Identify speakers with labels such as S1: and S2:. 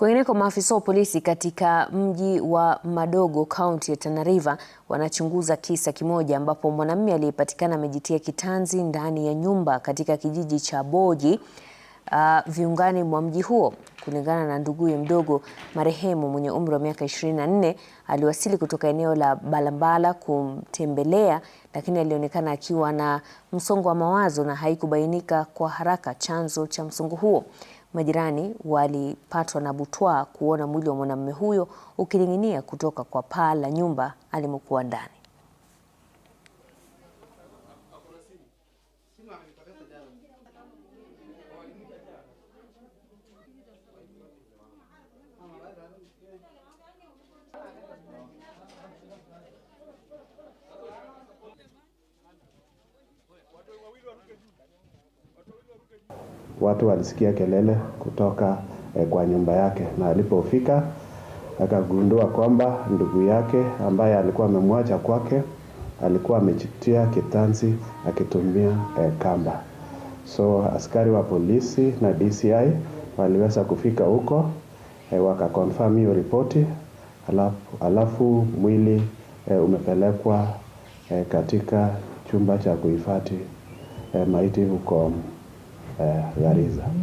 S1: Kwingineko, maafisa wa polisi katika mji wa Madogo, kaunti ya Tana River wanachunguza kisa kimoja ambapo mwanamume aliyepatikana amejitia kitanzi ndani ya nyumba katika kijiji cha Boji uh, viungani mwa mji huo. Kulingana na nduguye mdogo, marehemu mwenye umri wa miaka 24 aliwasili kutoka eneo la Balambala kumtembelea, lakini alionekana akiwa na msongo wa mawazo na haikubainika kwa haraka chanzo cha msongo huo. Majirani walipatwa na butwa kuona mwili wa mwanamume huyo ukining'inia kutoka kwa paa la nyumba alimokuwa ndani.
S2: watu walisikia kelele kutoka eh, kwa nyumba yake, na alipofika akagundua kwamba ndugu yake ambaye alikuwa amemwacha kwake alikuwa amejitia kitanzi akitumia eh, kamba. So askari wa polisi na DCI waliweza kufika huko eh, wakakonfirm hiyo ripoti alafu, alafu mwili eh, umepelekwa eh, katika chumba cha kuhifadhi eh, maiti huko É, Larissa.